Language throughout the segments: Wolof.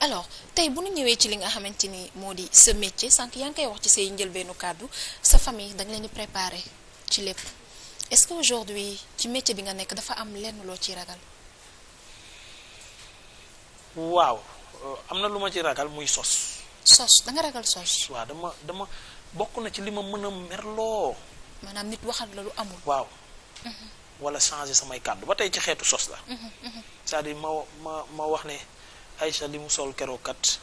alors tey bu ñu ñëwee ci li nga xamante ni moo di sa métier sànq yaa ngi koy wax ci say njëlbeenu kàddu sa famille da nga leen di ci lépp est-ce que aujourd'hui ci métier bi nga nekk dafa am lenn loo ciy ragal. waaw euh, am na lu ma ci ragal muy sos. sos da nga ragal sos. waaw dama dama bokk na ci li ma mën a loo maanaam nit waxal la lu amul. waaw. Mhm. wala changer samay kàddu ba tey ci xeetu sos la. Mhm, mhm. cest à ma ma ma wax ne. Aïcha li mu sol keroog kat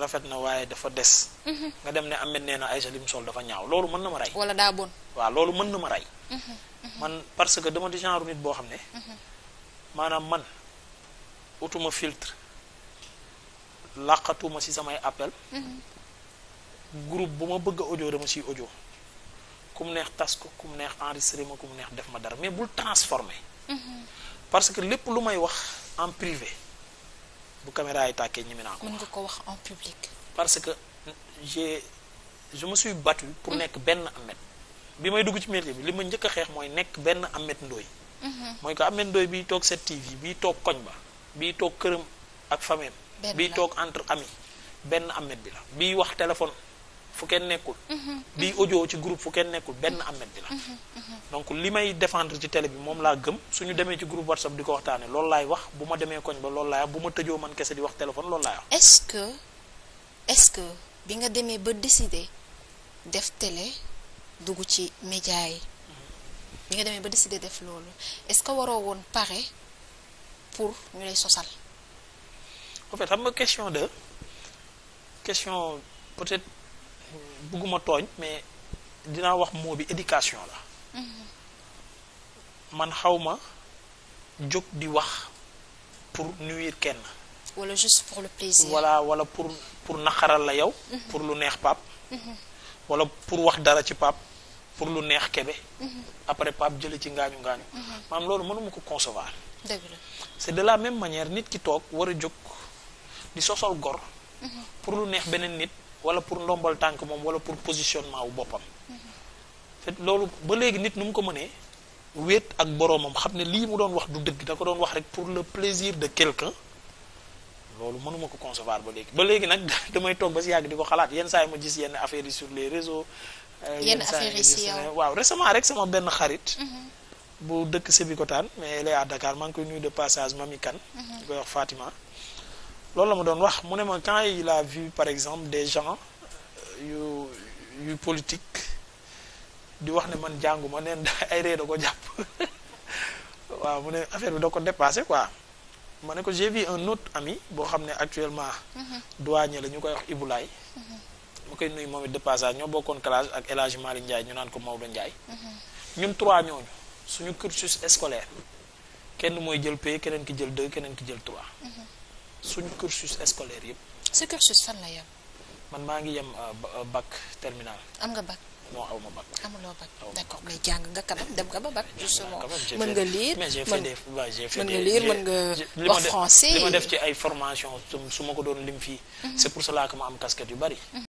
rafet na waaye dafa des. Mhm. nga dem ne Ahmed nee na Aïcha li sol dafa ñaaw loolu mën na ma rey. wala daa bon waaw loolu mën na ma rey. Mhm, mhm. man parce que dama di genre nit boo xam ne. maanaam man utuma filtre làqatuma ci samay appel. groupe bu ma bëgg a audio dama ciy audio. ku mu neex tas ko ku mu neex enregistré ma ku mu neex def ma dara mais bul transformer. parce que lépp lu may wax en privé. bu caméra yi tàkkee ñeme naa ko. mën ko wax en public. parce que j'ai je me suis pour mm. nekk benn Ameth bi may dugg ci métier bi li ma njëkk a xeex mooy nekk benn Ameth ndooy mm-hmm. mooy ko Ameth ndooy biy toog 7TV biy toog koñ ba biy toog këram ak famem biy toog entre amis benn Ameth bi la biy wax téléphone fu kenn nekkul. Mm-hmm. biy audio ci groupe fu kenn nekkul benn Ameth bi la. Mm-hmm. donc li may défendre ci télé bi moom laa gëm suñu demee ci groupe whatsapp di ko waxtaane loolu laay wax bu ma demee koñ ba loolu laay wax bu ma tëjoo man kese di wax téléphone loolu laay wax. que est-ce que bi nga demee ba décider def télé dugg ci média yi. Mm-hmm. bi nga demee ba décider def loolu est-ce que waroo woon pare pour ñu lay sosal. en fait xam question de question peut-être euh, bëgguma tooñ mais dinaa wax mot bi éducation la. Mm-hmm. man xawma jóg di wax pour nuwiir kenn. wala juste pour wala pour pour naqaral la yow. Mm-hmm. pour lu neex pap mm-hmm. wala pour wax dara ci pap pour lu neex kebe. après pap jële ci ngaañu ngaañu. maanaam loolu mënuma ko concevoir. dëgg c'est de la même manière nit ki toog war a jóg di sosol gor. pour lu neex beneen nit wala pour ndombal tànk moom wala pour positionnement wu boppam. te loolu ba léegi nit nu mu ko mënee wéet ak boroomam xam ne lii mu doon wax du dëgg da ko doon wax rek pour le plaisir de quelqu'un loolu mënuma ko concevoir ba léegi ba léegi nag damay toog ba si yàgg di ko xalaat yenn saa yi ma gis yenn affaires yi sur les réseaux. Euh, yenn affaires si yow waaw récemment rek sama benn xarit. Mhm. bu dëkk Sébikotane mais elle est à Dakar maa ngi koy nuyu de passage Mami Kane. Mhm. di koy wax Fatima. loolu la ma doon wax mu ne ma quand la a par exemple des gens euh, yu di wax ne man jànguma neen ay ree ko jàpp waaw mu ne affaire bi da ko dépasé quoi ma ne ko j'ai un autre ami boo xam ne actuellement mhm. douanier la ñu koy wax Ibulaay mhm. ma koy nuy moom it de passage ñoo bokkoon classe ak El Hadj Malick Ndiaye ñu naan ko la Ndiaye mhm. ñun trois ñooñu suñu cursus scolaire kenn mooy jël P keneen ki jël deux keneen ki jël trois suñu cursus scolaire yëpp. sa cursus fan la yem. man maa ngi yem euh, euh, bac terminal. am nga bac. non aw ma bac. amuloo bac d'accord mais jàng nga kanam dem nga ba bac. justement mën nga lire mais j'ai fait des mën nga lire mën nga wax français. li ma def ci ay formation su ma ko doon lim fii. Mhm. c'est pour cela que ma am casquette yu bari. Mhm.